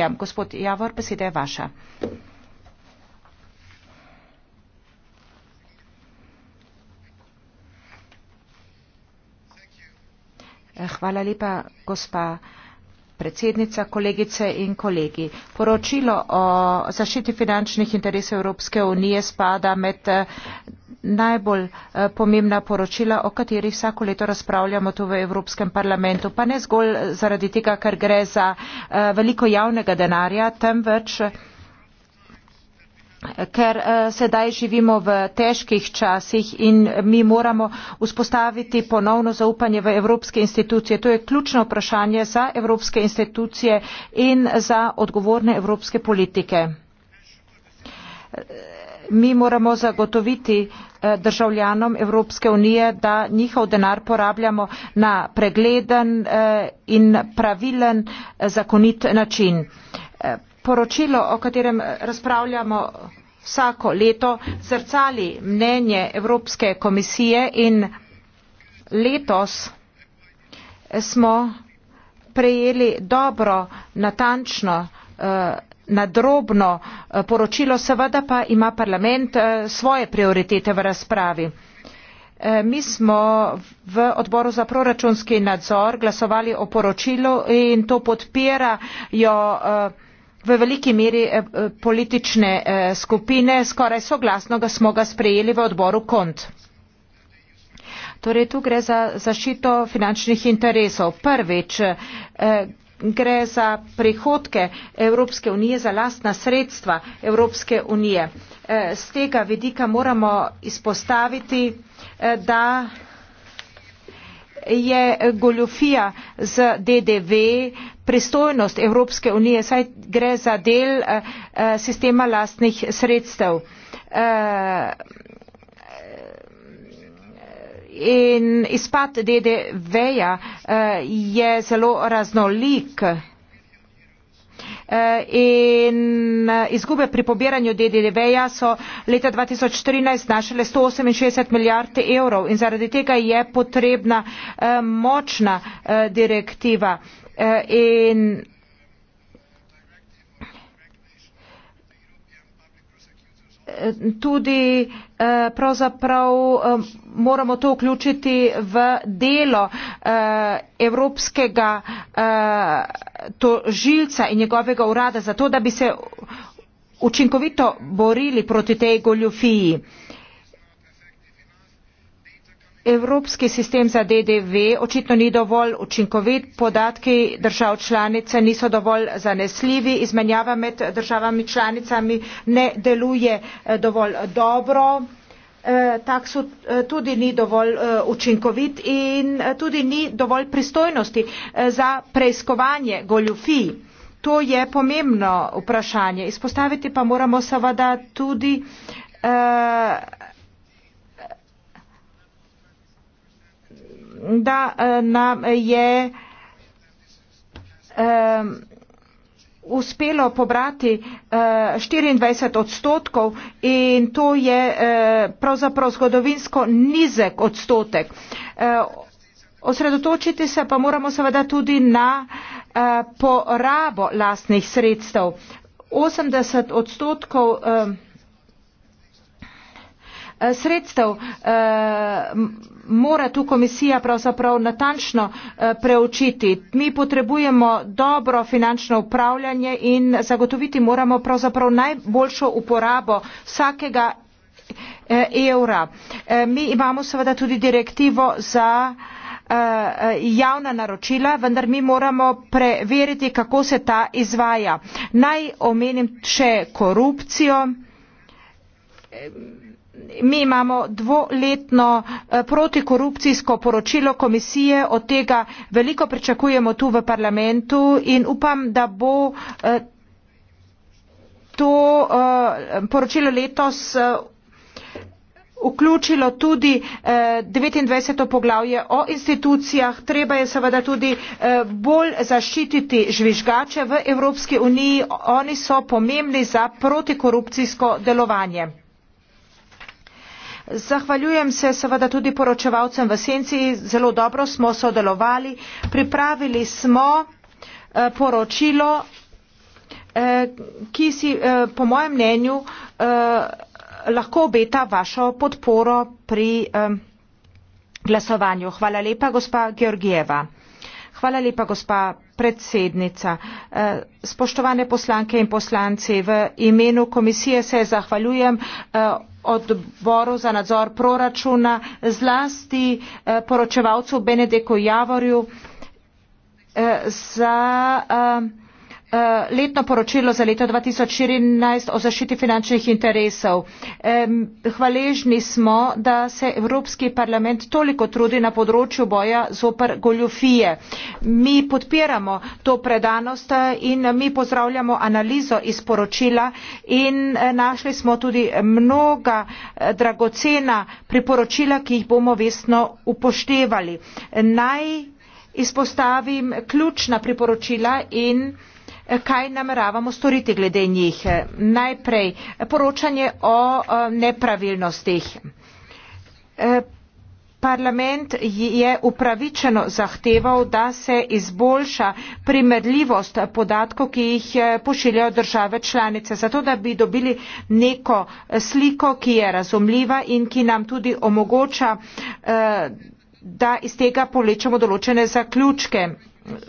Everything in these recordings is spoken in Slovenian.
Ja, gospod Javor, beseda je vaša. Hvala lepa, gospa predsednica, kolegice in kolegi. Poročilo o zaščiti finančnih interesov Evropske unije spada med eh, najbolj eh, pomembna poročila, o katerih vsako leto razpravljamo tu v Evropskem parlamentu. Pa ne zgolj zaradi tega, ker gre za eh, veliko javnega denarja, temveč ker eh, sedaj živimo v težkih časih in mi moramo vzpostaviti ponovno zaupanje v evropske institucije. To je ključno vprašanje za evropske institucije in za odgovorne evropske politike. Mi moramo zagotoviti eh, državljanom Evropske unije, da njihov denar porabljamo na pregleden eh, in pravilen zakonit način poročilo, o katerem razpravljamo vsako leto, zrcali mnenje Evropske komisije in letos smo prejeli dobro, natančno, eh, nadrobno eh, poročilo, seveda pa ima parlament eh, svoje prioritete v razpravi. Mi smo v odboru za proračunski nadzor glasovali o poročilu in to podpirajo uh, v veliki meri eh, politične eh, skupine skoraj soglasno ga smo ga sprejeli v odboru kont. Torej, tu gre za zaščito finančnih interesov. Prvič, eh, gre za prihodke Evropske unije, za lastna sredstva Evropske unije. Z tega vidika moramo izpostaviti, da je goljufija z DDV pristojnost Evropske unije, saj gre za del eh, eh, sistema lastnih sredstev. Eh, in izpad DDV-ja je zelo raznolik. Eh, in eh, izgube pri pobiranju DDV-ja so leta 2014 znašale 168 milijard evrov in zaradi tega je potrebna eh, močna direktiva. In tudi eh, pravzaprav eh, moramo to vključiti v delo eh, evropskega tožilca in njegovega urada zato, da bi se učinkovito borili proti tej goljofiji. Evropski sistem za DDV očitno ni dovolj učinkovit, podatki držav članice niso dovolj zanesljivi, izmenjava med državami članicami ne deluje eh, dovolj dobro, eh, takso eh, tudi ni dovolj učinkovit in tudi ni dovolj pristojnosti za preiskovanje goljufij. To je pomembno vprašanje. Izpostaviti pa moramo seveda tudi da eh, nam je um, uspelo pobrati uh, eh, 24 odstotkov in to je uh, pravzaprav zgodovinsko nizek odstotek. Uh, osredotočiti se pa moramo seveda tudi na uh, porabo lastnih sredstev. 80 odstotkov uh, sredstev eh, mora tu komisija pravzaprav natančno eh, preučiti. Mi potrebujemo dobro finančno upravljanje in zagotoviti moramo pravzaprav najboljšo uporabo vsakega eh, evra. Mi imamo seveda tudi direktivo za javna naročila, vendar mi moramo preveriti, kako se ta izvaja. Naj omenim še korupcijo mi imamo dvoletno eh, protikorupcijsko poročilo komisije od tega veliko pričakujemo tu v parlamentu in upam da bo eh, to eh, poročilo letos vključilo tudi devetindvajset poglavje o institucijah treba je seveda tudi bolj zaščititi žvižgače v evropski uniji oni so pomembni za protikorupcijsko delovanje. Zahvaljujem se seveda tudi poročevalcem v senci, zelo dobro smo sodelovali. Pripravili smo eh, poročilo, eh, ki si eh, po mojem mnenju lahko obeta vašo podporo pri glasovanju. Hvala lepa, gospa Georgijeva. Hvala lepa, gospa predsednica. Spoštovane poslanke in poslanci, v imenu komisije se zahvaljujem odboru za nadzor proračuna, zlasti eh, poročevalcu Benedeku Javorju eh, za eh, Eh, letno poročilo za leto 2014 o zaščiti finančnih interesov. Hvaležni smo, da se Evropski parlament toliko trudi na področju boja zopr goljofije. Mi podpiramo to predanost eh, in mi pozdravljamo analizo iz poročila in eh, našli smo tudi mnoga dragocena priporočila, ki jih bomo vestno upoštevali. Naj izpostavim ključna priporočila in Eh, kaj nameravamo storiti glede njih. Eh, najprej eh, poročanje o nepravilnostih. Parlament je upravičeno zahteval, da se izboljša primerljivost podatkov, ki jih pošiljajo države članice, zato da bi dobili neko sliko, ki je razumljiva in ki nam tudi omogoča, da iz tega povlečemo določene zaključke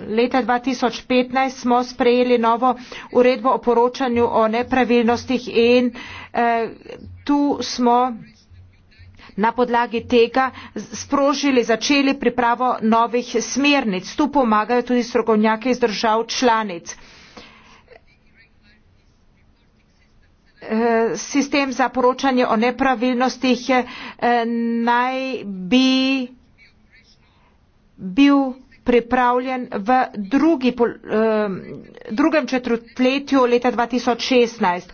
leta dva tisoč petnajst smo sprejeli novo uredbo o poročanju o nepravilnostih in eh, tu smo na podlagi tega sprožili, začeli pripravo novih smernic. Tu pomagajo tudi strokovnjaki iz držav članic. Eh, sistem za poročanje o nepravilnostih eh, naj bi bil pripravljen v drugi, ehm, drugem četrtletju leta 2016.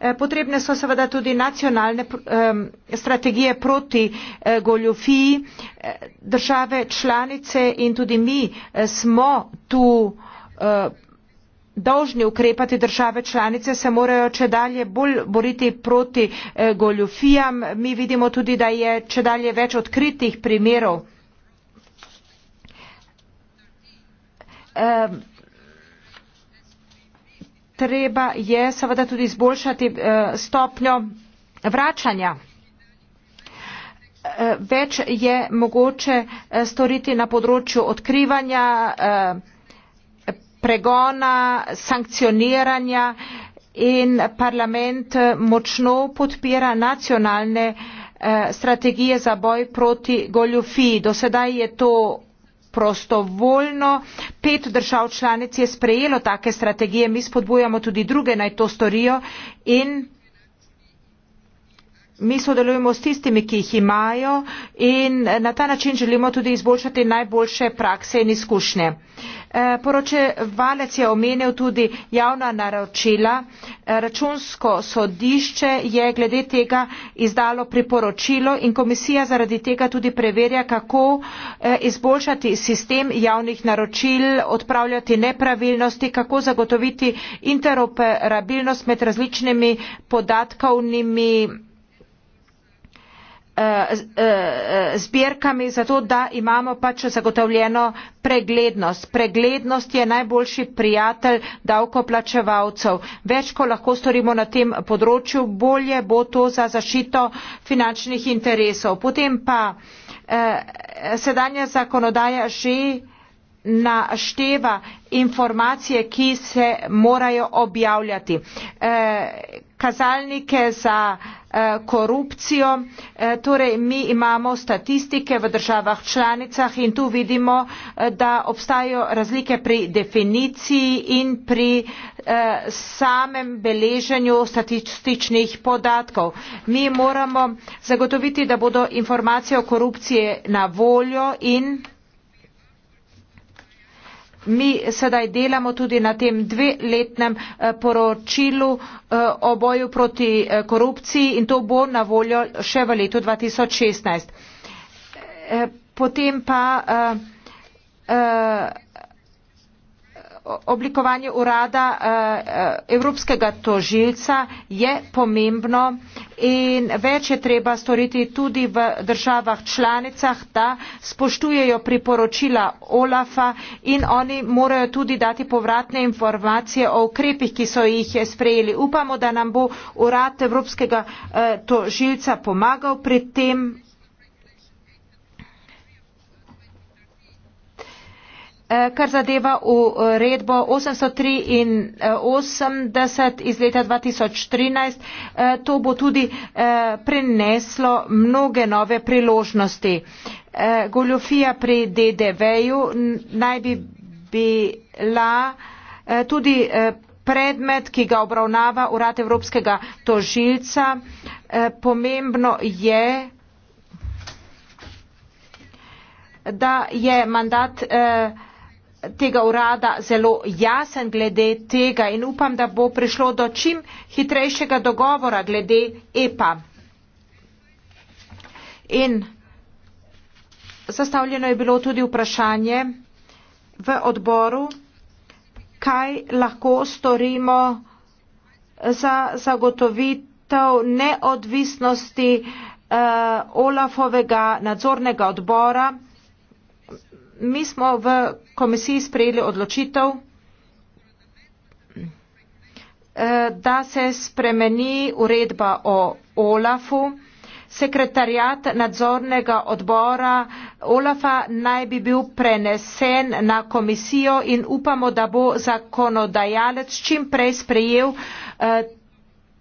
Eh, potrebne so seveda tudi nacionalne ehm, strategije proti eh, goljofiji. Eh, države članice in tudi mi smo tu dolžni ukrepati. Države članice se morajo če dalje bolj boriti proti goljofijam. Mi vidimo tudi, da je če dalje več odkritih primerov treba je seveda tudi izboljšati eh, stopnjo vračanja. Eh, več je mogoče eh, storiti na področju odkrivanja, pregona, sankcioniranja in parlament močno podpira nacionalne strategije za boj proti goljufiji. Do sedaj je to prostovoljno. Pet držav članic je sprejelo take strategije, mi spodbujamo tudi druge naj to storijo in Mi sodelujemo s tistimi, ki jih imajo in eh, na ta način želimo tudi izboljšati najboljše prakse in izkušnje. Eh, poročevalec je omenil tudi javna naročila. Eh, računsko sodišče je glede tega izdalo priporočilo in komisija zaradi tega tudi preverja, kako izboljšati sistem javnih naročil, odpravljati nepravilnosti, kako zagotoviti interoperabilnost med različnimi podatkovnimi Eh, eh, zbirkami, zato da imamo pač zagotovljeno preglednost. Preglednost je najboljši prijatelj davkoplačevalcev. Več, ko lahko storimo na tem področju, bolje bo to za zašito finančnih interesov. Potem pa eh, sedanja zakonodaja že našteva informacije, ki se morajo objavljati kazalnike za eh, korupcijo. Eh, torej, mi imamo statistike v državah članicah in tu vidimo, eh, da obstajajo razlike pri definiciji in pri samem beleženju statističnih podatkov. Mi moramo zagotoviti, da bodo informacije o korupciji na voljo in mi sedaj delamo tudi na tem dveletnem eh, poročilu eh, o boju proti eh, korupciji in to bo na voljo še v letu 2016. Potem pa. Uh, uh, oblikovanje urada eh, eh, evropskega tožilca je pomembno in več je treba storiti tudi v državah članicah, da spoštujejo priporočila OLAFA in oni morajo tudi dati povratne informacije o ukrepih, ki so jih sprejeli. Upamo, da nam bo urad evropskega eh, tožilca pomagal pri tem. Eh, kar zadeva uredbo 883 iz leta 2013, eh, to bo tudi eh, prineslo mnoge nove priložnosti. Goljofija pri DDV-ju naj bi bila tudi predmet, ki ga obravnava Urad Evropskega tožilca. Pomembno je, da je mandat eh, tega urada zelo jasen glede tega in upam, da bo prišlo do čim hitrejšega dogovora glede EPA. In zastavljeno je bilo tudi vprašanje v odboru, kaj lahko storimo za zagotovitev neodvisnosti uh, Olafovega nadzornega odbora mi smo v komisiji sprejeli odločitev, eh, da se spremeni uredba o Olafu. Sekretarjat nadzornega odbora Olafa naj bi bil prenesen na komisijo in upamo, da bo zakonodajalec čim prej sprejel eh,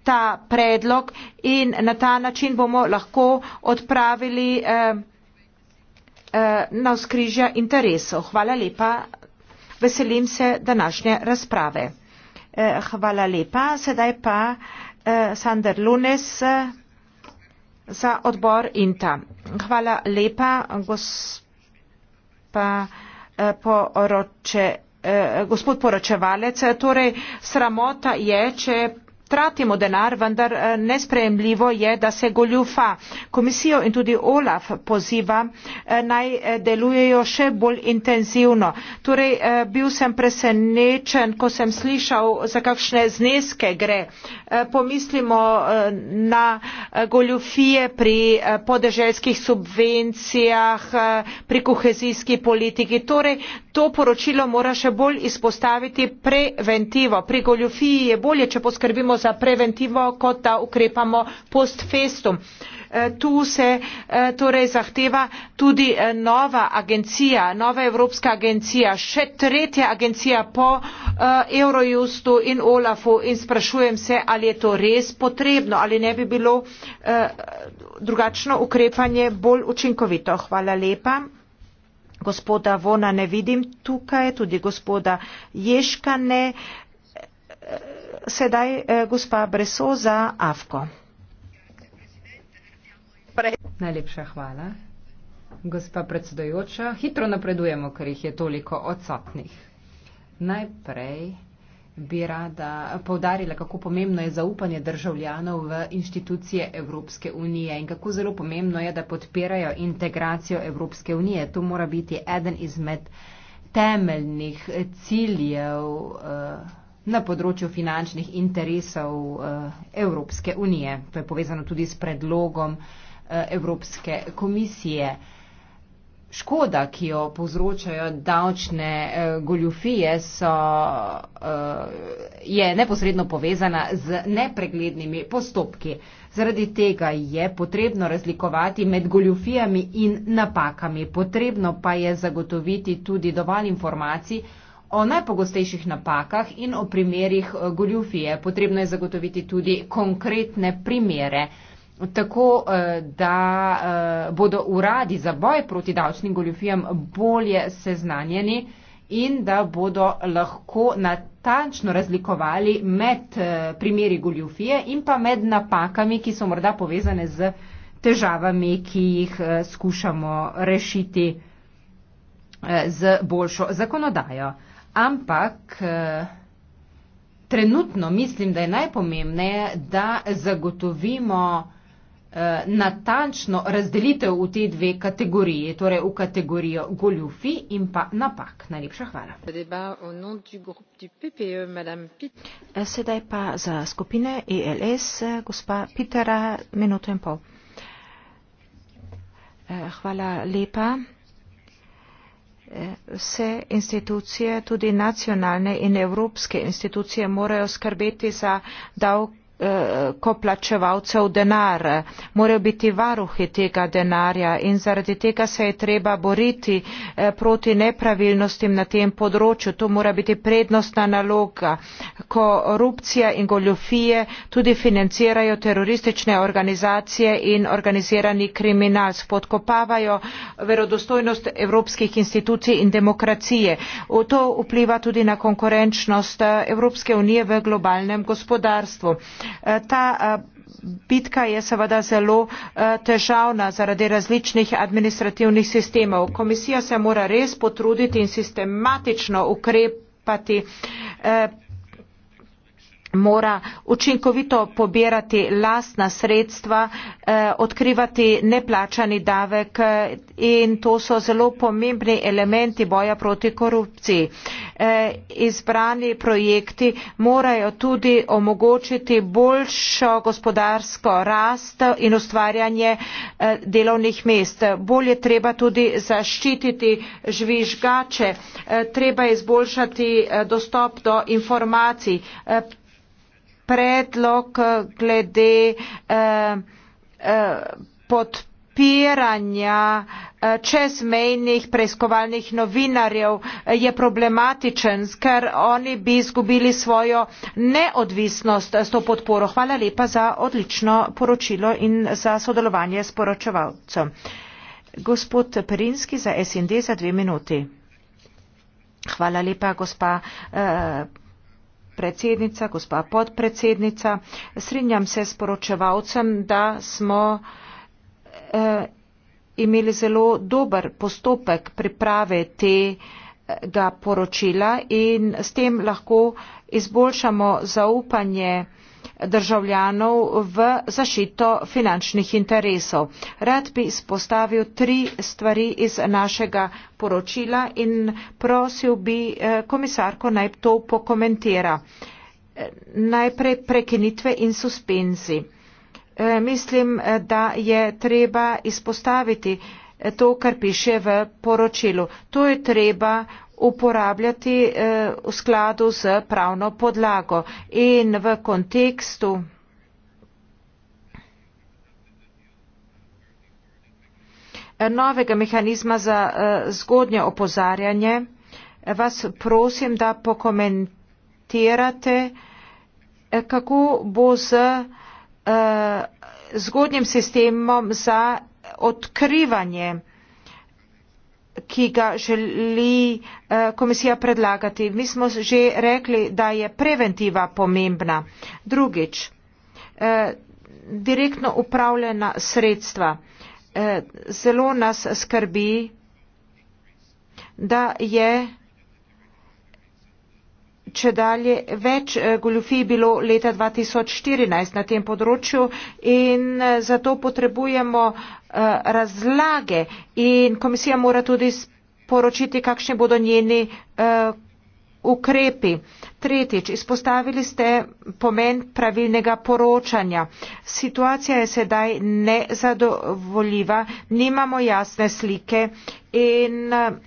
ta predlog in na ta način bomo lahko odpravili eh, Eh, na skrižja interesov. Hvala lepa. Veselim se današnje razprave. Eh, hvala lepa. Sedaj pa eh, Sander Lunes za odbor INTA. Hvala lepa, gospa poroče, gospod poročevalec. Torej, sramota je, če tratimo denar vendar eh, nesprejemljivo je da se goljufa komisijo in tudi olaf pozivam eh, naj eh, delujejo še bolj intenzivno torej bil sem presenečen ko sem slišal za kakšne zneske gre pomislimo na goljufije pri podeželskih subvencijah pri kohezijski politiki torej to poročilo mora še bolj izpostaviti preventivo pri goljufiji je bolje če poskrbimo za preventivo, kot da ukrepamo post festum. E, tu se e, torej zahteva tudi e, nova agencija, nova evropska agencija, še tretja agencija po Eurojustu in Olafu in sprašujem se, ali je to res potrebno, ali ne bi bilo drugačno ukrepanje bolj učinkovito. Hvala lepa. Gospoda Vona ne vidim tukaj, tudi gospoda Ješka ne sedaj eh, gospa Breso za Afko. Najlepša hvala. Gospa predsedojoča, hitro napredujemo, ker jih je toliko odsotnih. Najprej bi rada povdarila, kako pomembno je zaupanje državljanov v inštitucije Evropske unije in kako zelo pomembno je, da podpirajo integracijo Evropske unije. To mora biti eden izmed temeljnih ciljev. Uh, na področju finančnih interesov eh, Evropske unije. To je povezano tudi s predlogom eh, Evropske komisije. Škoda, ki jo povzročajo davčne eh, goljufije, so, je neposredno povezana z nepreglednimi postopki. Zaradi tega je potrebno razlikovati med goljufijami in napakami. Potrebno pa je zagotoviti tudi dovolj informacij, O najpogostejših napakah in o primerih eh, goljufije potrebno je zagotoviti tudi konkretne primere, tako eh, da eh, bodo uradi za boj proti davčnim goljufijam bolje seznanjeni in da bodo lahko natančno razlikovali med primeri goljufije in pa med napakami, ki so morda povezane z težavami, ki jih skušamo rešiti z boljšo zakonodajo ampak eh, trenutno mislim, da je najpomembneje, da zagotovimo eh, natančno razdelitev v te dve kategoriji, torej v kategorijo goljufi in pa napak. Najlepša hvala. E, eh, sedaj pa za skupine ELS, gospa Pitera, minuto in pol. Hvala lepa vse institucije tudi nacionalne in evropske institucije morajo skrbeti za davke Eh, ko plačevalcev denar. Morajo biti varuhi tega denarja in zaradi tega se je treba boriti eh, proti nepravilnostim na tem področju. To mora biti prednostna naloga. Korupcija in goljofije tudi financirajo teroristične organizacije in organizirani kriminal. Spodkopavajo verodostojnost evropskih institucij in demokracije. To vpliva tudi na konkurenčnost eh, Evropske unije v globalnem gospodarstvu. Eh, ta eh, bitka je seveda zelo eh, težavna zaradi različnih administrativnih sistemov. Komisija se mora res potruditi in sistematično ukrepati mora učinkovito pobirati lastna sredstva, eh, odkrivati neplačani davek eh, in to so zelo pomembni elementi boja proti korupciji. Eh, izbrani projekti morajo tudi omogočiti boljšo gospodarsko rast in ustvarjanje delovnih mest. Bolje treba tudi zaščititi žvižgače, treba izboljšati dostop do informacij predlog glede eh, eh, podpiranja eh, čezmejnih preiskovalnih novinarjev je problematičen, ker oni bi izgubili svojo neodvisnost s to podporo. Hvala lepa za odlično poročilo in za sodelovanje s poročevalcem. Gospod Perinski za SND za dve minuti. Hvala lepa, gospa. Uh, predsednica, gospa podpredsednica. Srinjam se s poročevalcem, da smo eh, imeli zelo dober postopek priprave tega poročila in s tem lahko izboljšamo zaupanje eh, državljanov v zašito finančnih interesov. Rad bi izpostavil tri stvari iz našega poročila in prosil bi eh, komisarko naj to pokomentira. Eh, najprej prekinitve in suspenzi. Eh, mislim, da je treba izpostaviti to, kar piše v poročilu. To je treba uporabljati eh, v skladu z pravno podlago in v kontekstu novega mehanizma za eh, zgodnje opozarjanje vas prosim, da pokomentirate, eh, kako bo z zgodnjim sistemom za odkrivanje ki ga želi eh, komisija predlagati. Mi smo že rekli, da je preventiva pomembna. Drugič, eh, direktno upravljena sredstva. Eh, zelo nas skrbi, da je če dalje več eh, goljufij bilo leta 2014 na tem področju in eh, zato potrebujemo eh, razlage in komisija mora tudi poročiti, kakšni bodo njeni ukrepi. Tretjič, izpostavili ste pomen pravilnega poročanja. Situacija je sedaj nezadovoljiva, nimamo jasne slike in uh,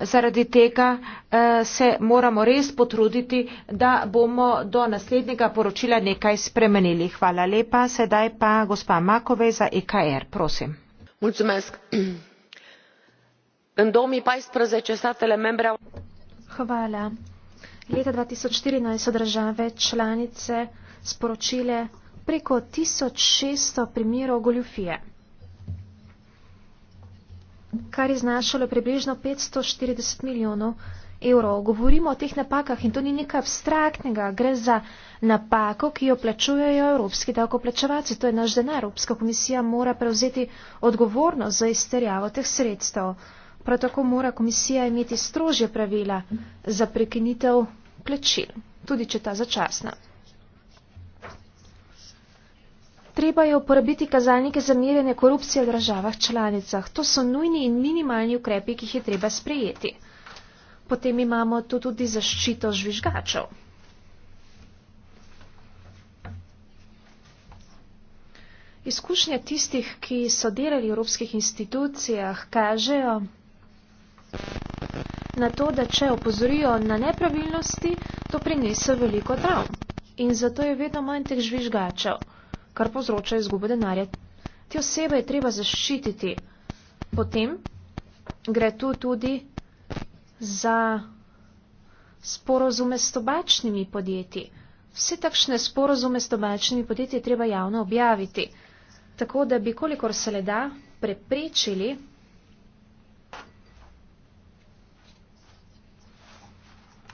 Zaradi tega eh, se moramo res potruditi, da bomo do naslednjega poročila nekaj spremenili. Hvala lepa. Sedaj pa gospa Makove za EKR. Prosim. Mulțumesc. În 2014 statele membre au... Hvala. Leta 2014 so države članice sporočile preko 1600 primerov goljufije kar je znašalo približno 540 milijonov evrov. Govorimo o teh napakah in to ni nekaj abstraktnega, gre za napako, ki jo plačujejo evropski davkoplačevalci. To je naš denar. Evropska komisija mora prevzeti odgovornost za izterjavo teh sredstev. Prav tako mora komisija imeti strožje pravila za prekinitev plačil, tudi če ta začasna. treba je uporabiti kazalnike za merjenje korupcije v državah članicah. To so nujni in minimalni ukrepi, ki jih je treba sprejeti. Potem imamo tu tudi zaščito žvižgačev. Izkušnje tistih, ki so delali v evropskih institucijah, kažejo na to, da če opozorijo na nepravilnosti, to prinese veliko travm. In zato je vedno manj teh žvižgačev kar povzroča izgubo denarja. Te osebe je treba zaščititi. Potem gre tu tudi za sporozume s tobačnimi podjetji. Vse takšne sporozume s tobačnimi podjetji je treba javno objaviti, tako da bi kolikor se le da preprečili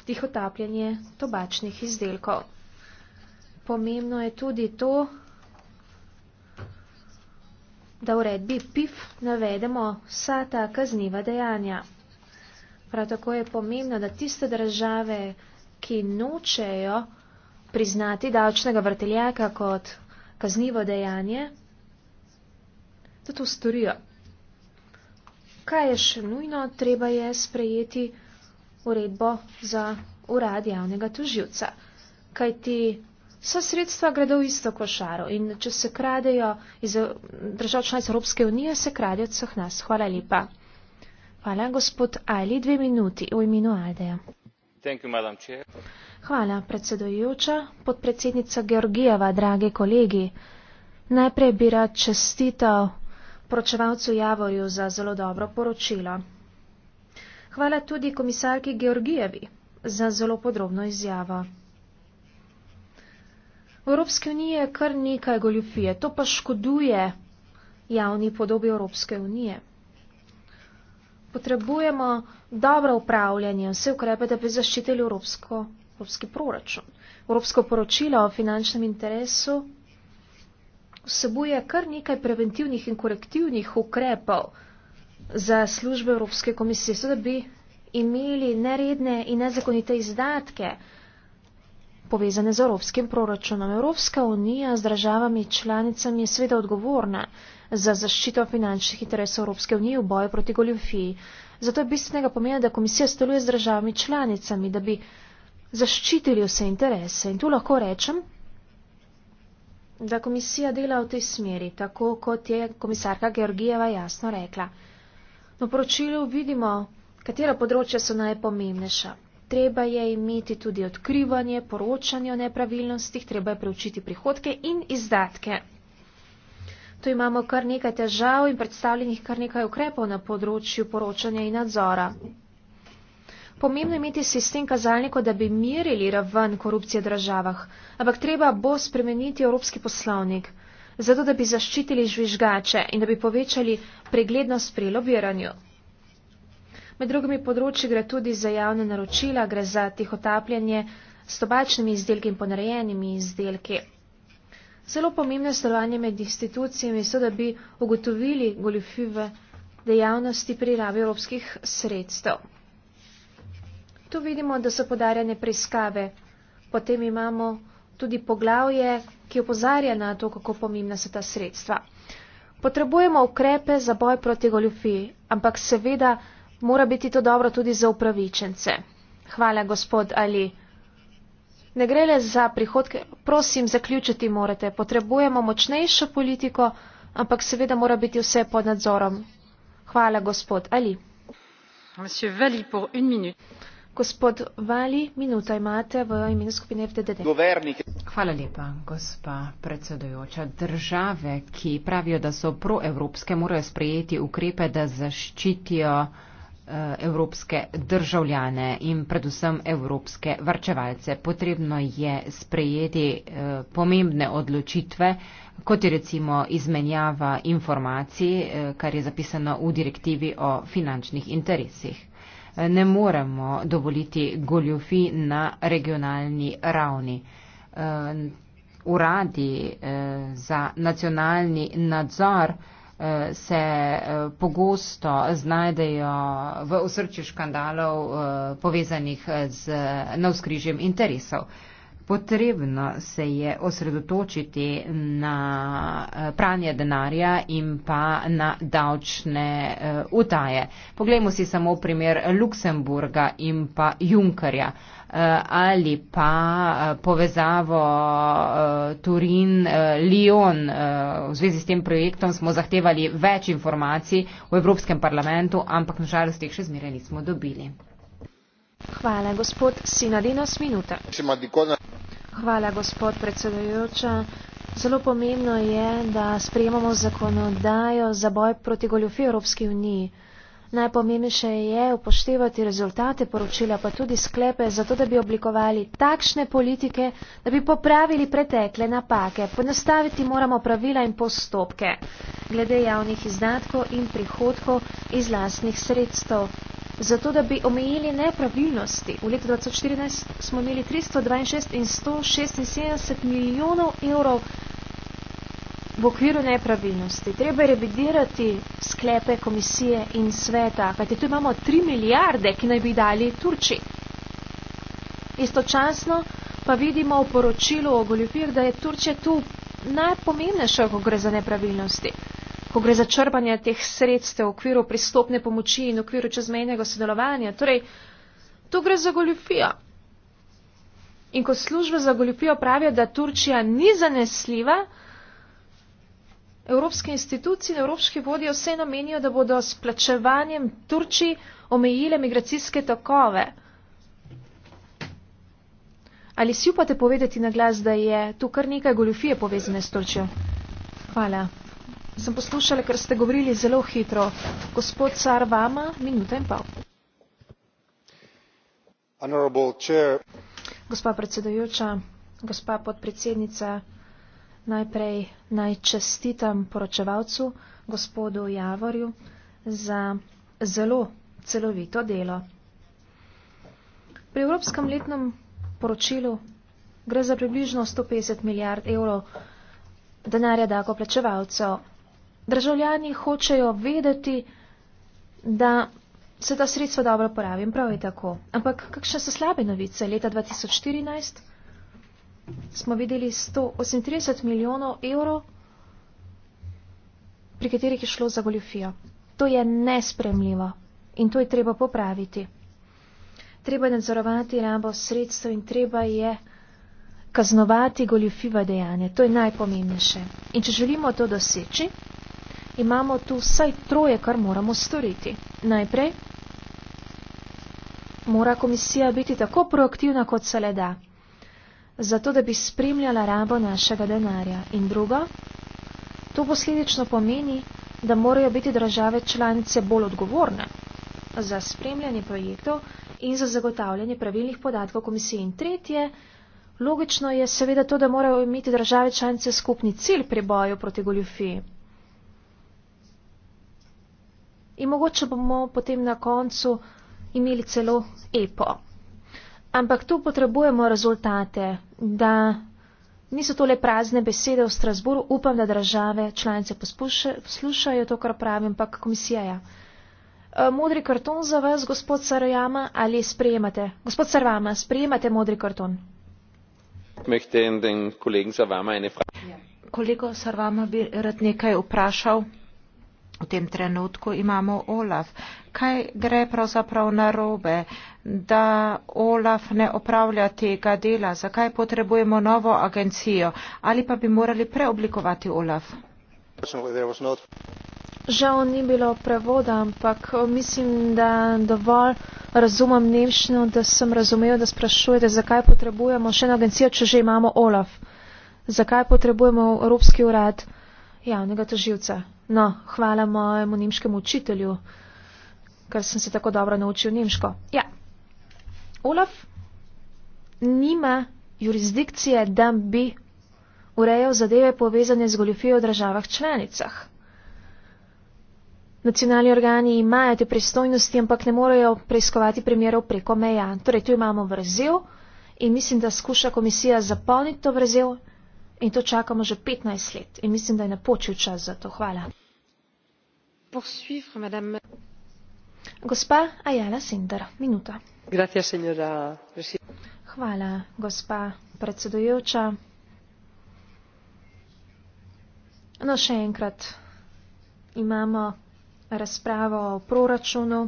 tihotapljanje tobačnih izdelkov. Pomembno je tudi to, da v redbi PIF navedemo vsa ta kazniva dejanja. Prav tako je pomembno, da tiste države, ki nočejo priznati davčnega vrteljaka kot kaznivo dejanje, da to storijo. Kaj je še nujno, treba je sprejeti uredbo za urad javnega tužilca. Kaj ti Vsa sredstva gredo v isto košaro in če se kradejo iz držav članic Evropske unije, se kradejo od vseh nas. Hvala lepa. Hvala, gospod Ali, dve minuti v imenu Aldeja. Hvala, predsedojoča, podpredsednica Georgijeva, dragi kolegi. Najprej bi rad čestital poročevalcu Javorju za zelo dobro poročilo. Hvala tudi komisarki Georgijevi za zelo podrobno izjavo. V Evropski uniji je kar nekaj goljufije, to pa škoduje javni podobi Evropske unije. Potrebujemo dobro upravljanje vse ukrepe, da bi zaščitili Evropsko, Evropski proračun. Evropsko poročilo o finančnem interesu vsebuje kar nekaj preventivnih in korektivnih ukrepov za službe Evropske komisije, so da bi imeli neredne in nezakonite izdatke, povezane z evropskim proračunom. Evropska unija z državami članicami je sveda odgovorna za zaščito finančnih interesov Evropske unije v boju proti goljofiji. Zato je bistvenega pomena, da komisija steluje z državami članicami, da bi zaščitili vse interese. In tu lahko rečem, da komisija dela v tej smeri, tako kot je komisarka Georgijeva jasno rekla. Na no, poročilu vidimo, katera področja so najpomembnejša treba je imeti tudi odkrivanje, poročanje o nepravilnostih, treba je preučiti prihodke in izdatke. Tu imamo kar nekaj težav in predstavljenih kar nekaj ukrepov na področju poročanja in nadzora. Pomembno je imeti sistem kazalnikov, da bi merili raven korupcije v državah, ampak treba bo spremeniti evropski poslovnik, zato da bi zaščitili žvižgače in da bi povečali preglednost pri lobiranju. Med drugimi področji gre tudi za javne naročila, gre za tihotapljanje s tobačnimi izdelki in ponarejenimi izdelki. Zelo pomembno je sodelovanje med institucijami, so da bi ugotovili goljufive dejavnosti pri rabi evropskih sredstev. Tu vidimo, da so podarjene preiskave. Potem imamo tudi poglavje, ki opozarja na to, kako pomembna so ta sredstva. Potrebujemo ukrepe za boj proti goljufiji, ampak seveda mora biti to dobro tudi za upravičence. Hvala, gospod Ali. Ne gre le za prihodke. Prosim, zaključiti morate. Potrebujemo močnejšo politiko, ampak seveda mora biti vse pod nadzorom. Hvala, gospod Ali. Gospod Vali, minuta imate v imenu skupine FDD. Hvala lepa, gospa predsedujoča. Države, ki pravijo, da so proevropske, morajo sprejeti ukrepe, da zaščitijo Eh, evropske državljane in predvsem evropske varčevalce. Potrebno je sprejeti eh, pomembne odločitve, kot je recimo izmenjava informacij, eh, kar je zapisano v direktivi o finančnih interesih. Ne moremo dovoliti goljufi na regionalni ravni. Uradi za nacionalni nadzor Eh, se eh, pogosto znajdejo v osrčju škandalov eh, povezanih z navskrižjem interesov. Potrebno se je osredotočiti na eh, pranje denarja in pa na davčne eh, utaje. Poglejmo si samo primer Luksemburga in pa Junkarja eh, ali pa povezavo Turin-Lyon. V zvezi s tem projektom smo zahtevali več informacij v Evropskem parlamentu, ampak nažalost jih še zmeraj nismo dobili. Hvala, gospod Sinadinos Minuta. Hvala, gospod predsedujoča. Zelo pomembno je, da sprejemamo zakonodajo za boj proti goljofi Evropski uniji. Najpomembnejše je upoštevati rezultate poročila, pa tudi sklepe, zato da bi oblikovali takšne politike, da bi popravili pretekle napake. Ponastaviti moramo pravila in postopke glede javnih izdatkov in prihodkov iz lastnih sredstev. Zato, da bi omejili nepravilnosti. V letu 2014 smo imeli 362 in 176 milijonov evrov v okviru nepravilnosti. Treba je revidirati sklepe komisije in sveta, kajte tu imamo 3 milijarde, ki naj bi dali Turčiji. Istočasno pa vidimo v poročilu o Goljupir, da je Turčija tu najpomembnejša, ko gre za nepravilnosti, ko gre za črpanje teh sredstev v okviru pristopne pomoči in v okviru čezmejnega sodelovanja. Torej, tu gre za Goljupijo. In ko službe za Goljupijo pravijo, da Turčija ni zanesljiva, Evropske institucije in evropski vodijo vse namenijo, da bodo s plačevanjem Turčji omejile migracijske tokove. Ali si upate povedati na glas, da je tu kar nekaj goljufije povezane s Turčjo? Hvala. Sem poslušala, ker ste govorili zelo hitro. Gospod car, vama minuta in pol. Gospa predsedujoča, gospa podpredsednica. Najprej naj čestitam poročevalcu, gospodu Javorju, za zelo celovito delo. Pri Evropskem letnem poročilu gre za približno 150 milijard evrov denarja dako plačevalcev. Državljani hočejo vedeti, da se ta sredstva dobro porabim, prav je tako. Ampak kakšne so slabe novice leta 2014? smo videli 138 milijonov evrov, pri katerih je šlo za goljofijo. To je nespremljivo in to je treba popraviti. Treba je nadzorovati rabo sredstev in treba je kaznovati goljofiva dejanja. To je najpomembnejše. In če želimo to doseči, imamo tu vsaj troje, kar moramo storiti. Najprej mora komisija biti tako proaktivna, kot se le da zato da bi spremljala rabo našega denarja. In drugo, to posledično pomeni, da morajo biti države članice bolj odgovorne za spremljanje projektov in za zagotavljanje pravilnih podatkov komisije. In tretje, logično je seveda to, da morajo imeti države članice skupni cilj pri boju proti goljufiji. In mogoče bomo potem na koncu imeli celo EPO. Ampak tu potrebujemo rezultate, da niso tole prazne besede v Strasburu. Upam, da države članice poslušajo to, kar pravim, ampak komisija. Ja. E, modri karton za vas, gospod Sarajama, ali sprejemate? Gospod Sarvama, sprejemate modri karton? Kolego Sarvama bi rad nekaj vprašal. V tem trenutku imamo OLAF. Kaj gre pravzaprav na robe, da OLAF ne opravlja tega dela? Zakaj potrebujemo novo agencijo? Ali pa bi morali preoblikovati OLAF? Žal ni bilo prevoda, ampak mislim, da dovolj razumem nemščino, da sem razumel, da sprašujete, zakaj potrebujemo še eno agencijo, če že imamo OLAF. Zakaj potrebujemo Evropski urad javnega toživca? No, hvala mojemu nemškemu učitelju, ker sem se tako dobro naučil nemško. Ja, Olaf nima jurisdikcije, da bi urejal zadeve povezane z goljofijo v državah članicah. Nacionalni organi imajo te pristojnosti, ampak ne morejo preiskovati primerov preko meja. Torej, tu imamo vrzel in mislim, da skuša komisija zapolniti to vrzel In to čakamo že 15 let. In mislim, da je napočil čas za to. Hvala. Poursuivre, madame. Gospa Ajala Sinder, minuta. Gracias, señora. Hvala, gospa predsedujoča. No, še enkrat imamo razpravo o proračunu.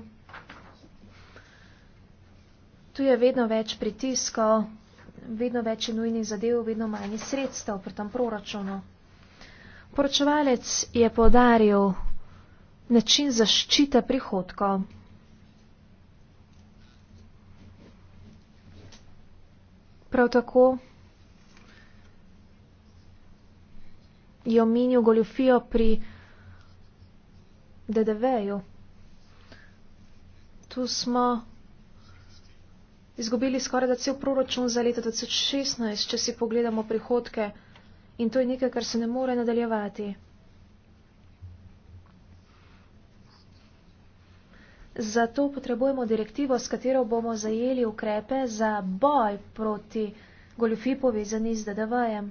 Tu je vedno več pritiskov vedno več je nujnih zadev, vedno manj sredstev pri tem proračunu. Poročevalec je podaril način zaščite prihodkov. Prav tako je omenil goljofijo pri DDV-ju. Tu smo izgubili skoraj da cel proračun za leto 2016, če si pogledamo prihodke in to je nekaj, kar se ne more nadaljevati. Zato potrebujemo direktivo, s katero bomo zajeli ukrepe za boj proti goljufi povezani z DDV-jem,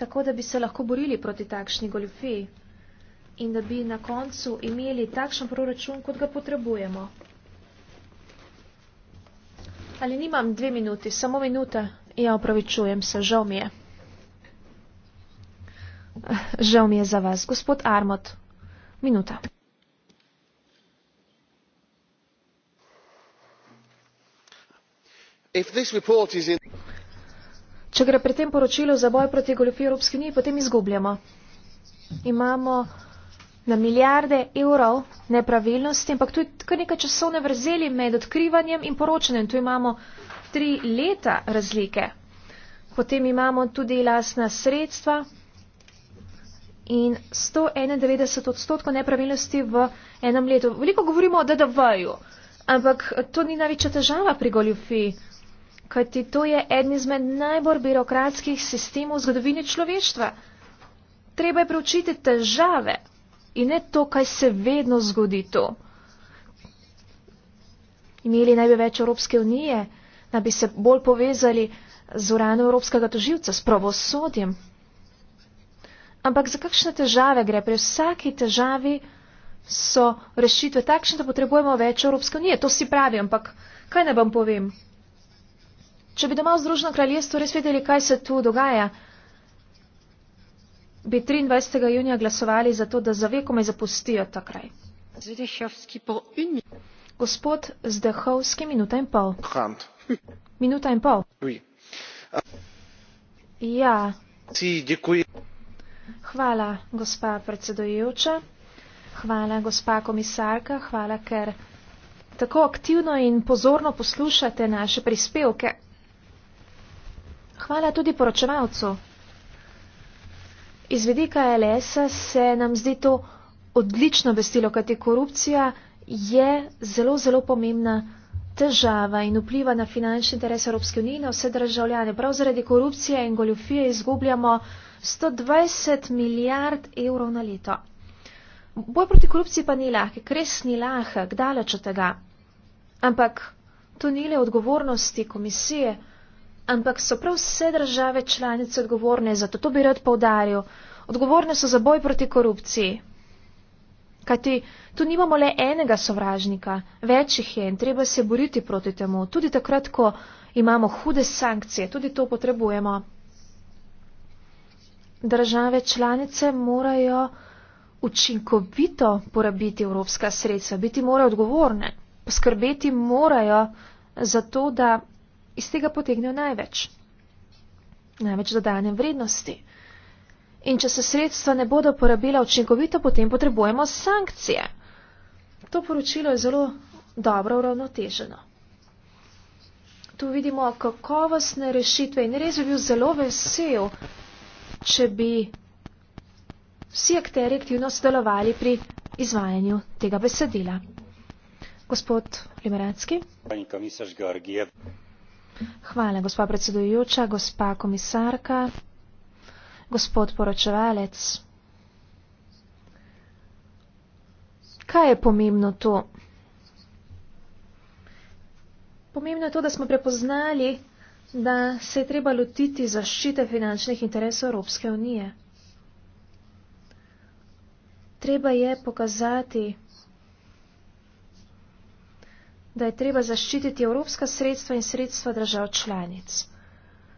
tako da bi se lahko borili proti takšni goljufi in da bi na koncu imeli takšen proračun, kot ga potrebujemo. Ali nimam dve minuti, samo minuta? Ja, opravičujem se, žal mi je. Eh, žal mi je za vas, gospod Armot. Minuta. In... Če gre pri tem poročilu za boj proti goljofiji Evropske unije, potem izgubljamo. Imamo na milijarde evrov nepravilnosti, ampak tu je kar nekaj časovne vrzeli med odkrivanjem in poročanjem. Tu imamo tri leta razlike. Potem imamo tudi lasna sredstva in 191 odstotkov nepravilnosti v enem letu. Veliko govorimo o DDV-ju, ampak to ni največja težava pri goljufiji, kajti to je eden izmed najbolj birokratskih sistemov v zgodovini človeštva. Treba je preučiti težave in ne to, kaj se vedno zgodi to. Imeli naj bi več Evropske unije, da bi se bolj povezali z urano Evropskega toživca, s pravosodjem. Ampak za kakšne težave gre? Pri vsaki težavi so rešitve takšne, da potrebujemo več Evropske unije. To si pravi, ampak kaj ne vam povem? Če bi doma v Združeno kraljestvo res vedeli, kaj se tu dogaja, bi 23. junija glasovali za to, da zavekome zapustijo ta kraj. Gospod Zdehovski, minuta in pol. Hand. Minuta in pol. Ja. Hvala, gospa predsedojoča. Hvala, gospa komisarka. Hvala, ker tako aktivno in pozorno poslušate naše prispevke. Hvala tudi poročevalcu. Iz vedika LS-a se nam zdi to odlično vestilo, kajti korupcija je zelo, zelo pomembna težava in vpliva na finančni interes Evropske unije in vse državljane. Prav zaradi korupcije in goljofije izgubljamo 120 milijard evrov na leto. Boj proti korupciji pa ni lahek, res ni lahek, daleč od tega. Ampak to ni le odgovornosti komisije ampak so prav vse države članice odgovorne za to. To bi rad povdaril. Odgovorne so za boj proti korupciji. Kajti tu nimamo le enega sovražnika, več jih je in treba se boriti proti temu. Tudi takrat, ko imamo hude sankcije, tudi to potrebujemo. Države članice morajo učinkovito porabiti evropska sredstva, biti morajo odgovorne, poskrbeti morajo za to, da iz tega potegnejo največ, največ dodane vrednosti. In če se sredstva ne bodo porabila učinkovito, potem potrebujemo sankcije. To poročilo je zelo dobro uravnoteženo. Tu vidimo kakovostne rešitve in res bi bil zelo vesel, če bi vsi akteri aktivno sodelovali pri izvajanju tega besedila. Gospod Limeranski. Hvala, gospa predsedujoča, gospa komisarka, gospod poročevalec. Kaj je pomembno to? Pomembno je to, da smo prepoznali, da se je treba lotiti zaščite finančnih interesov Evropske unije. Treba je pokazati, da je treba zaščititi evropska sredstva in sredstva držav članic.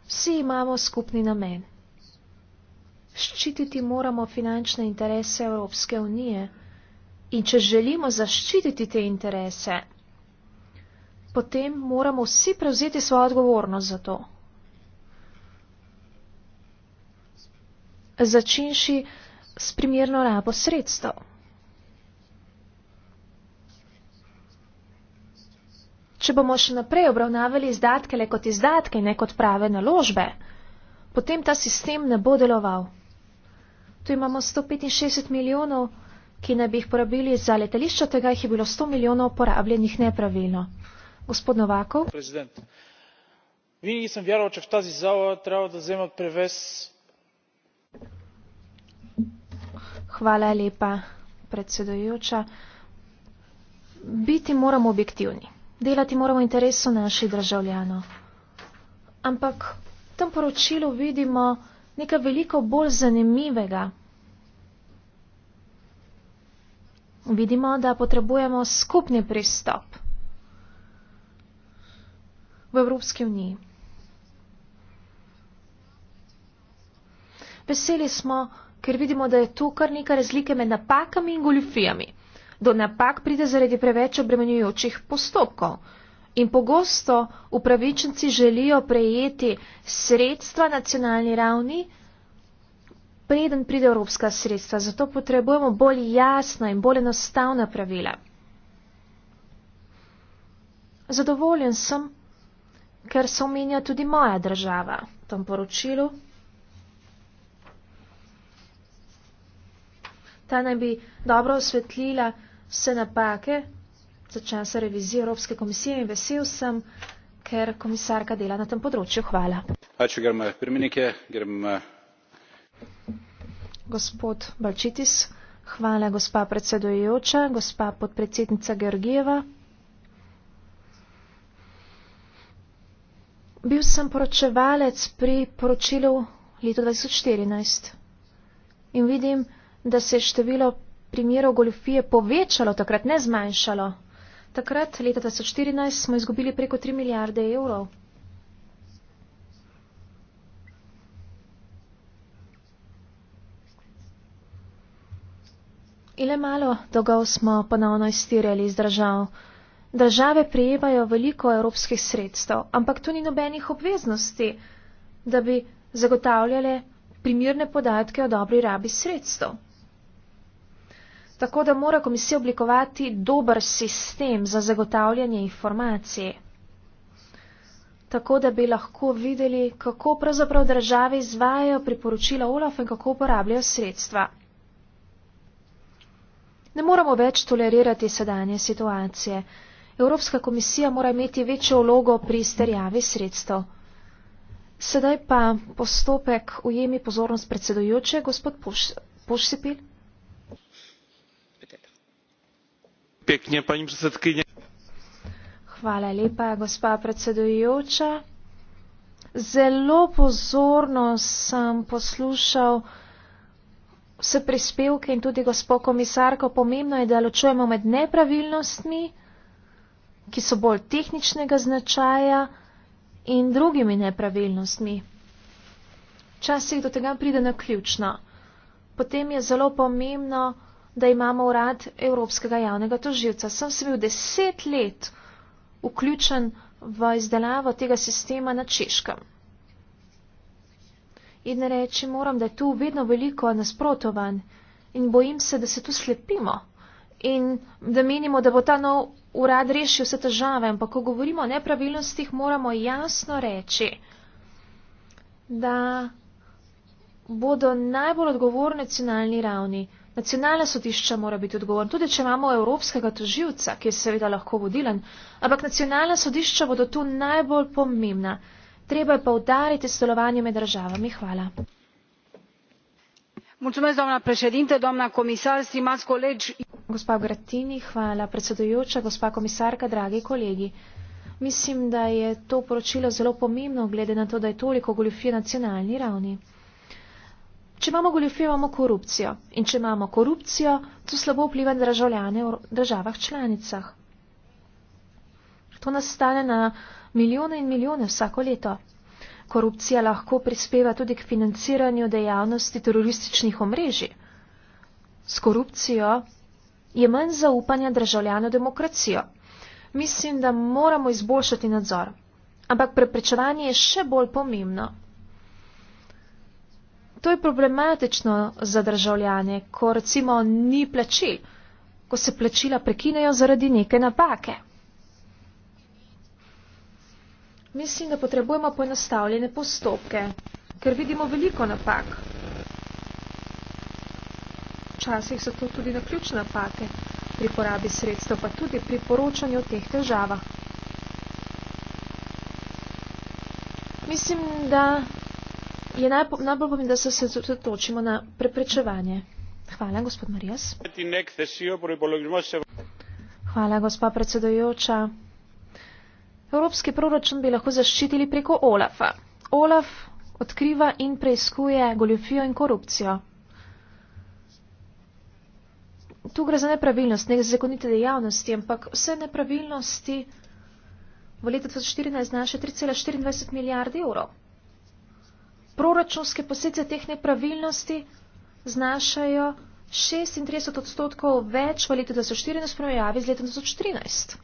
Vsi imamo skupni namen. Ščititi moramo finančne interese Evropske unije in če želimo zaščititi te interese, potem moramo vsi prevzeti svojo odgovornost za to. Začinši s primerno rabo sredstev. Če bomo še naprej obravnavali izdatke le kot izdatke in ne kot prave naložbe, potem ta sistem ne bo deloval. Tu imamo 165 milijonov, ki ne bi jih porabili za letališče, tega jih je bilo 100 milijonov porabljenih nepravilno. Gospod Novakov. Prezident, vini sem vjeroval, če v ta zizavo treba da zemlja preves. Hvala lepa, predsedujoča. Biti moramo objektivni. Delati moramo interesu naših državljanov. Ampak v tem poročilu vidimo nekaj veliko bolj zanimivega. Vidimo, da potrebujemo skupni pristop v Evropski uniji. Veseli smo, ker vidimo, da je tu kar nekaj razlike med napakami in goljufijami do napak pride zaradi preveč obremenjujočih postopkov. In pogosto upravičenci želijo prejeti sredstva na nacionalni ravni, preden pride evropska sredstva. Zato potrebujemo bolj jasna in bolj enostavna pravila. Zadovoljen sem, ker se omenja tudi moja država v tem poročilu. Ta naj bi dobro osvetlila vse napake za časa revizije Evropske komisije in vesel sem, ker komisarka dela na tem področju. Hvala. Gospod Balčitis, hvala gospa predsedujoča, gospa podpredsednica Georgijeva. Bil sem poročevalec pri poročilu leta 2014 in vidim, da se je število primerov goljofije povečalo, takrat ne zmanjšalo. Takrat, leta 2014, smo izgubili preko 3 milijarde evrov. Ile malo dolgov smo ponovno iztirjali iz držav. Države prijevajo veliko evropskih sredstev, ampak tu ni nobenih obveznosti, da bi zagotavljale primirne podatke o dobri rabi sredstev. Tako da mora komisija oblikovati dober sistem za zagotavljanje informacij, tako da bi lahko videli, kako pravzaprav države izvajajo priporočila OLAF in kako uporabljajo sredstva. Ne moramo več tolerirati sedanje situacije. Evropska komisija mora imeti večjo vlogo pri izterjavi sredstev. Sedaj pa postopek ujemi pozornost predsedujoče, gospod Pušsipil. Puš paní předsedkyně. Hvala lepa, gospa predsedujoča. Zelo pozorno sem poslušal vse prispevke in tudi gospo komisarko. Pomembno je, da ločujemo med nepravilnostmi, ki so bolj tehničnega značaja in drugimi nepravilnostmi. Včasih do tega pride na ključno. Potem je zelo pomembno, da imamo urad Evropskega javnega toživca. Sem se bil deset let vključen v izdelavo tega sistema na Češkem. In reči moram, da je tu vedno veliko nasprotovan in bojim se, da se tu slepimo in da menimo, da bo ta nov urad rešil vse težave, ampak ko govorimo o nepravilnostih, moramo jasno reči, da bodo najbolj odgovorni nacionalni ravni, Nacionalna sodišča mora biti odgovorna, tudi če imamo evropskega toživca, ki je seveda lahko vodilen, ampak nacionalna sodišča bodo tu najbolj pomembna. Treba je pa udariti sodelovanje med državami. Hvala. Mulțumesc, doamna președinte, doamna comisar, stimați colegi. Gospa Gratini, hvala predsedujoča, gospa komisarka, dragi kolegi. Mislim, da je to poročilo zelo pomembno, glede na to, da je toliko goljufije na nacionalni ravni. Če imamo goljofijo, imamo korupcijo. In če imamo korupcijo, to slabo vpliva na državljane v državah članicah. To nas stane na milijone in milijone vsako leto. Korupcija lahko prispeva tudi k financiranju dejavnosti terorističnih omrežij. S korupcijo je manj zaupanja državljanov demokracijo. Mislim, da moramo izboljšati nadzor. Ampak preprečevanje je še bolj pomembno. To je problematično za državljane, ko recimo ni plačil, ko se plačila prekinejo zaradi neke napake. Mislim, da potrebujemo poenostavljene postopke, ker vidimo veliko napak. Včasih so to tudi naključne napake pri porabi sredstev, pa tudi pri poročanju o teh težavah. Mislim, da je najbolj pomembno, da se sredotočimo na preprečevanje. Hvala, gospod Marijas. Hvala, gospa predsedojoča. Evropski proračun bi lahko zaščitili preko OLAF-a. OLAF odkriva in preizkuje goljofijo in korupcijo. Tu gre za nepravilnost, nekaj zakonite dejavnosti, ampak vse nepravilnosti v letu 2014 znaše 3,24 milijarde evrov proračunske posledice teh nepravilnosti znašajo 36 odstotkov več v letu 2014 v primerjavi z letom 2013.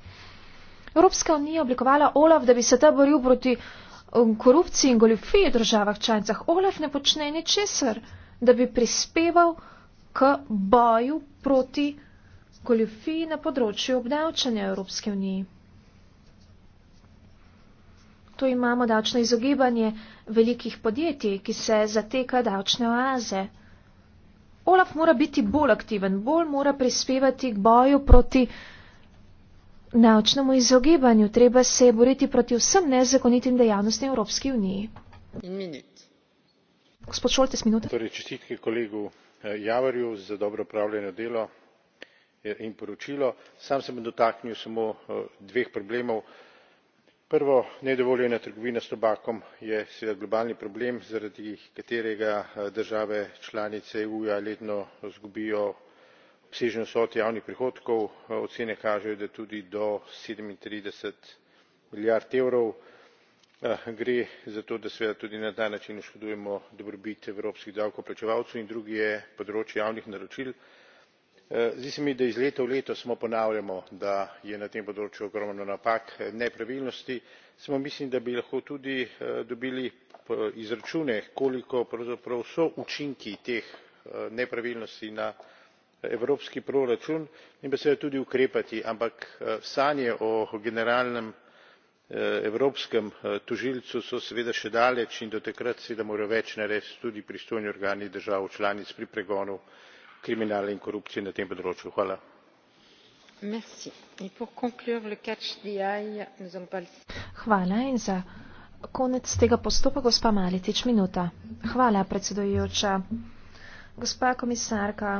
Evropska unija je oblikovala OLAF, da bi se ta boril proti um, korupciji in goljofiji v državah članicah. OLAF ne počne ničesar, da bi prispeval k boju proti goljofiji na področju obdavčanja Evropske unije zato imamo davčno izogibanje velikih podjetij, ki se zateka davčne oaze. Olaf mora biti bolj aktiven, bolj mora prispevati k boju proti davčnemu izogibanju. Treba se boriti proti vsem nezakonitim dejavnostim Evropske unije. Gospod Šoltes, minuta. Torej, čestitke kolegu eh, Javorju za dobro upravljeno delo eh, in poročilo. Sam sem dotaknil samo eh, dveh problemov prvo nedovoljena trgovina s tobakom je seveda globalni problem zaradi katerega eh, države članice eu ja letno izgubijo obsežne vsote javnih prihodkov eh, ocene kažejo da tudi do sedemintrideset milijard evrov. Eh, gre za to da seveda tudi na ta način oškodujemo dobrobit evropskih davkoplačevalcev in drugi je področje javnih naročil Eh, zdi se mi da iz leta v leto samo ponavljamo da je na tem področju ogromno napak eh, nepravilnosti samo mislim da bi lahko tudi eh, dobili izračune koliko pravzaprav so učinki teh nepravilnosti na evropski proračun in pa seveda tudi ukrepati ampak sanje o generalnem evropskem tožilcu so seveda še daleč in do takrat seveda morajo več narediti tudi pristojni organi držav članic pri pregonu kriminala in korupcije na tem področju. hvala predsedujoča gospa komisarka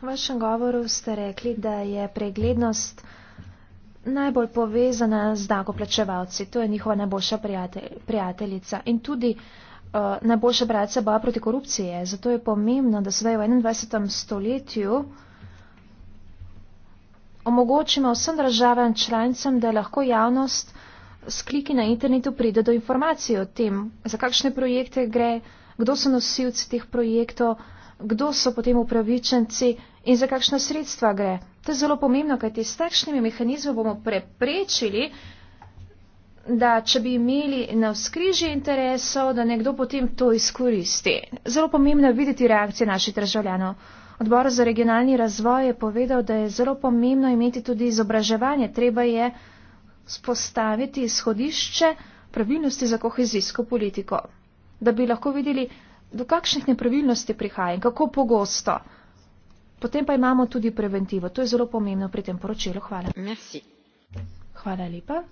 v vašem govoru ste rekli da je preglednost najbolj povezana z dagoplačevalci to je njihova najboljša prijatelj, prijateljica in tudi uh, Eh, najboljše bratce boja proti korupciji. Zato je pomembno, da sedaj v 21. stoletju omogočimo vsem državam članicam, da lahko javnost s kliki na internetu pride do informacije o tem, za kakšne projekte gre, kdo so nosilci teh projektov, kdo so potem upravičenci in za kakšna sredstva gre. To je zelo pomembno, kajti s takšnimi mehanizmi bomo preprečili, da če bi imeli na vzkrižje interesov, da nekdo potem to izkoristi. Zelo pomembno je videti reakcije naših državljanov. Odbor za regionalni razvoj je povedal, da je zelo pomembno imeti tudi izobraževanje. Treba je spostaviti izhodišče pravilnosti za kohezijsko politiko, da bi lahko videli, do kakšnih nepravilnosti prihaja in kako pogosto. Potem pa imamo tudi preventivo. To je zelo pomembno pri tem poročilu. Hvala. Merci. Hvala lepa.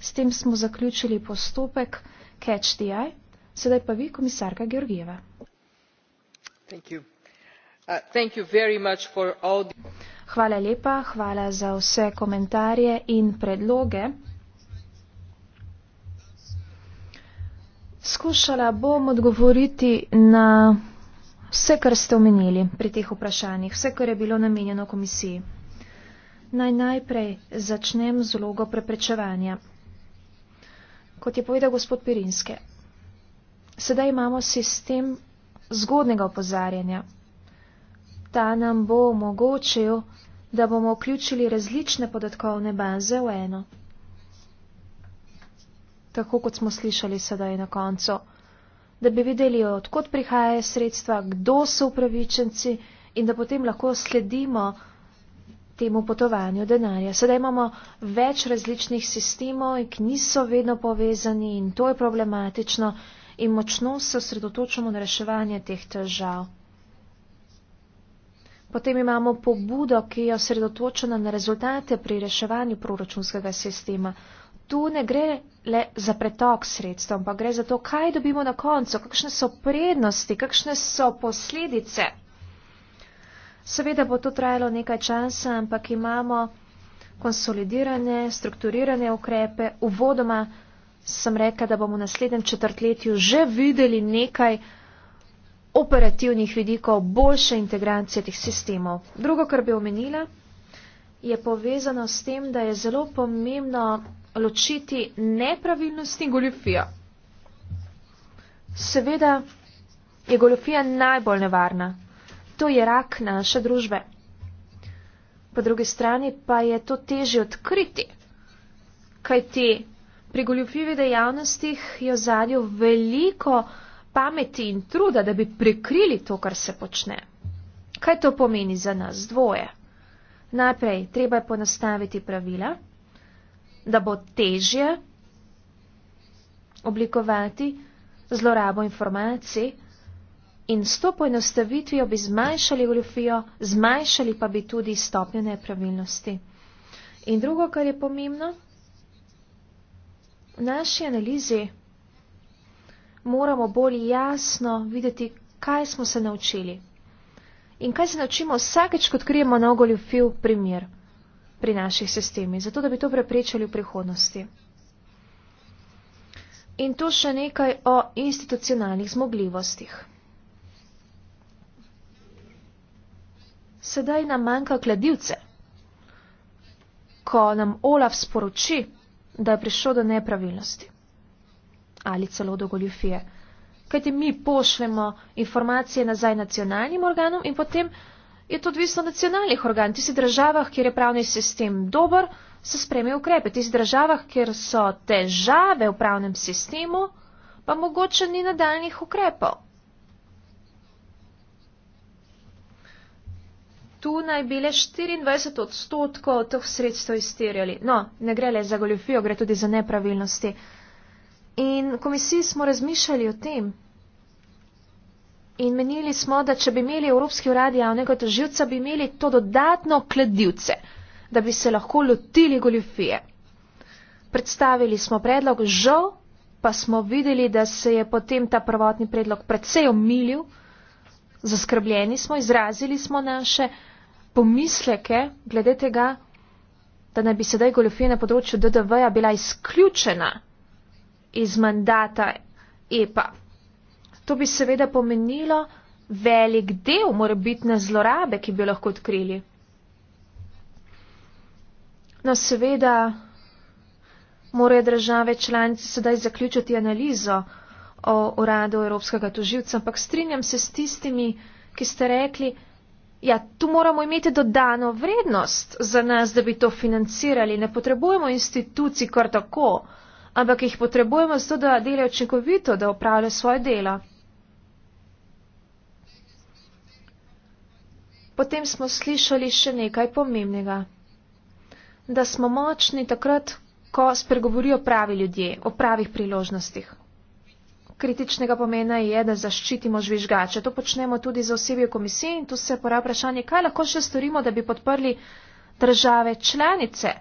S tem smo zaključili postopek CATCH-DI. Sedaj pa vi, komisarka Georgijeva. Uh, hvala lepa, hvala za vse komentarje in predloge. Skušala bom odgovoriti na vse, kar ste omenili pri teh vprašanjih, vse, kar je bilo namenjeno komisiji. Naj najprej začnem z vlogo preprečevanja kot je povedal gospod Pirinske. Sedaj imamo sistem zgodnega opozarjanja. Ta nam bo omogočil, da bomo vključili različne podatkovne baze v eno. Tako kot smo slišali sedaj na koncu, da bi videli, odkot prihajajo sredstva, kdo so upravičenci in da potem lahko sledimo, temu potovanju denarja. Sedaj imamo več različnih sistemov, ki niso vedno povezani in to je problematično in močno se osredotočamo na reševanje teh težav. Potem imamo pobudo, ki je osredotočena na rezultate pri reševanju proračunskega sistema. Tu ne gre le za pretok sredstva, ampak gre za to, kaj dobimo na koncu, kakšne so prednosti, kakšne so posledice. Seveda bo to trajalo nekaj časa, ampak imamo konsolidirane, strukturirane ukrepe. Uvodoma sem rekla, da bomo v naslednjem četrtletju že videli nekaj operativnih vidikov boljše integracije teh sistemov. Drugo, kar bi omenila, je povezano s tem, da je zelo pomembno ločiti nepravilnosti in goljofijo. Seveda je goljofija najbolj nevarna, To je rak naše družbe. Po drugi strani pa je to težje odkriti, kaj ti pri goljufljivih dejavnostih jo zadju veliko pameti in truda, da bi prikrili to, kar se počne. Kaj to pomeni za nas dvoje? Najprej treba je ponastaviti pravila, da bo težje oblikovati zlorabo informacij, in s to poenostavitvijo bi zmanjšali goljofijo, zmanjšali pa bi tudi stopnjo nepravilnosti. In drugo, kar je pomembno, v naši analizi moramo bolj jasno videti, kaj smo se naučili. In kaj se naučimo vsakeč, ko odkrijemo nov goljofil primer pri naših sistemih, zato da bi to preprečili v prihodnosti. In tu še nekaj o institucionalnih zmogljivostih. sedaj nam manjka kladivce. Ko nam Olaf sporoči, da je prišlo do nepravilnosti ali celo do goljufije, kajti mi pošljemo informacije nazaj nacionalnim organom in potem je to odvisno od nacionalnih organ. Tisti državah, kjer je pravni sistem dober, se spremejo ukrepe. Tisti državah, kjer so težave v pravnem sistemu, pa mogoče ni nadaljnih ukrepov. tu naj bi le 24 odstotkov teh sredstev izterjali. No, ne gre le za goljofijo, gre tudi za nepravilnosti. In komisiji smo razmišljali o tem. In menili smo, da če bi imeli Evropski urad javnega toživca, bi imeli to dodatno kledivce, da bi se lahko lotili goljofije. Predstavili smo predlog, žal pa smo videli, da se je potem ta prvotni predlog predvsej omilil. Zaskrbljeni smo, izrazili smo naše pomisleke glede tega, da naj bi sedaj goljofije na področju DDV-ja bila izključena iz mandata EPA. To bi seveda pomenilo velik del morebitne zlorabe, ki bi jo lahko odkrili. No, seveda morajo države članice sedaj zaključiti analizo o uradu Evropskega toživca, ampak strinjam se s tistimi, ki ste rekli, Ja, tu moramo imeti dodano vrednost za nas, da bi to financirali. Ne potrebujemo institucij kar tako, ampak jih potrebujemo zato, da delajo učinkovito, da opravljajo svoje delo. Potem smo slišali še nekaj pomembnega. Da smo močni takrat, ko spregovorijo pravi ljudje o pravih priložnostih kritičnega pomena je, da zaščitimo žvižgače. To počnemo tudi za osebje komisije in tu se pora vprašanje, kaj lahko še storimo, da bi podprli države članice,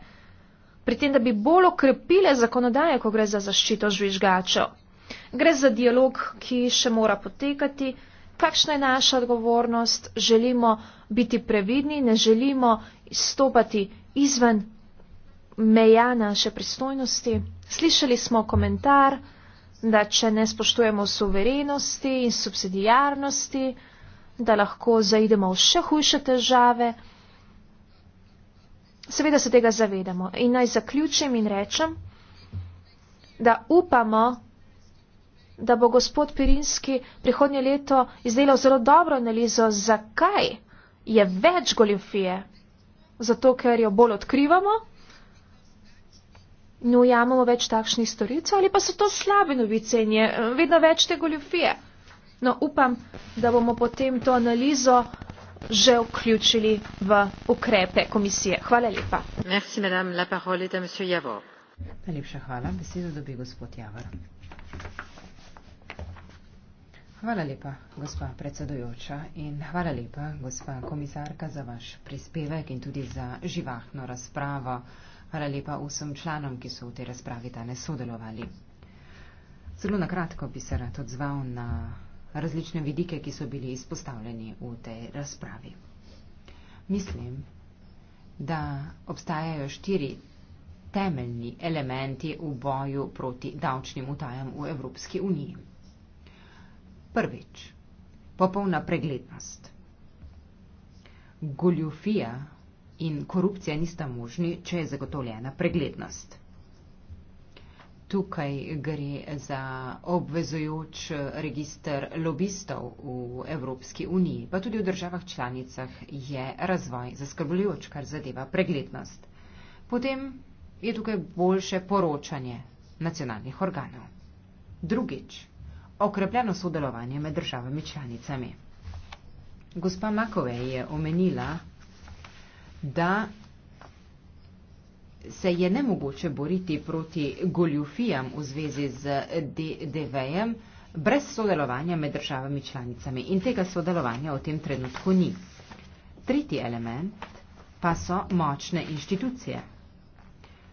pri tem, da bi bolj okrepile zakonodaje, ko gre za zaščito žvižgačev. Gre za dialog, ki še mora potekati, kakšna je naša odgovornost, želimo biti previdni, ne želimo stopati izven meja naše pristojnosti. Slišali smo komentar da če ne spoštujemo suverenosti in subsidijarnosti, da lahko zaidemo v še hujše težave. Seveda se tega zavedamo in naj zaključim in rečem, da upamo, da bo gospod Pirinski prihodnje leto izdelal zelo dobro analizo, zakaj je več goljofije. Zato, ker jo bolj odkrivamo ne no, ujamemo več takšnih storitev ali pa so to slabe novice in je eh, vedno več te goljofije. No, upam, da bomo potem to analizo že vključili v ukrepe komisije. Hvala lepa. Merci, madame, la parole est à monsieur Javor. Najlepša hvala. Besedo dobi gospod Javor. Hvala lepa, gospa predsedujoča in hvala lepa, gospa komisarka, za vaš prispevek in tudi za živahno razpravo. Hvala lepa vsem članom, ki so v tej razpravi danes sodelovali. Zelo na kratko bi se rad odzval na različne vidike, ki so bili izpostavljeni v tej razpravi. Mislim, da obstajajo štiri temeljni elementi v boju proti davčnim utajam v Evropski uniji. Prvič, popolna preglednost. Goljufija in korupcija nista možni, če je zagotovljena preglednost. Tukaj gre za obvezujoč registr lobistov v Evropski uniji, pa tudi v državah članicah je razvoj zaskrbljujoč, kar zadeva preglednost. Potem je tukaj boljše poročanje nacionalnih organov. Drugič, okrepljeno sodelovanje med državami članicami. Gospa Makove je omenila, da se je nemogoče boriti proti goljufijam v zvezi z DDV-jem brez sodelovanja med državami članicami in tega sodelovanja v tem trenutku ni. Tretji element pa so močne inštitucije.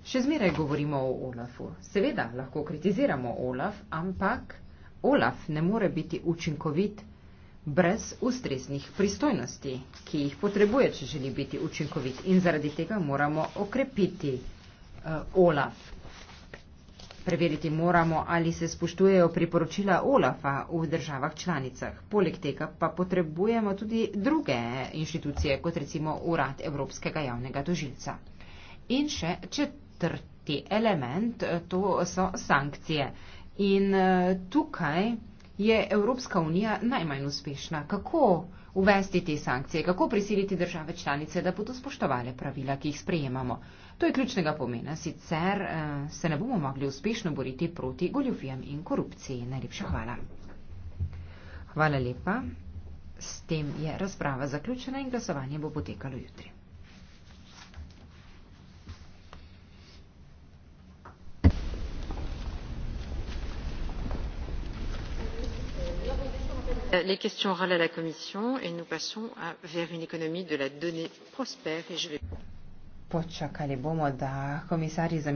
Še zmeraj govorimo o Olafu. Seveda lahko kritiziramo Olaf, ampak Olaf ne more biti učinkovit brez ustreznih pristojnosti, ki jih potrebuje, če želi biti učinkovit. In zaradi tega moramo okrepiti uh, OLAF. Preveriti moramo, ali se spoštujejo priporočila OLAF-a v državah članicah. Poleg tega pa potrebujemo tudi druge inštitucije, kot recimo Urad Evropskega javnega tožilca. In še četrti element, eh, to so sankcije. In eh, tukaj je Evropska unija najmanj uspešna. Kako uvesti te sankcije, kako prisiliti države članice, da bodo spoštovale pravila, ki jih sprejemamo? To je ključnega pomena, sicer eh, se ne bomo mogli uspešno boriti proti goljufijam in korupciji. Najlepša hvala. Hvala lepa. S tem je razprava zaključena in glasovanje bo potekalo jutri. Euh, les questions orales à la commission et nous passons à, vers une économie de la donnée prospère et je vais...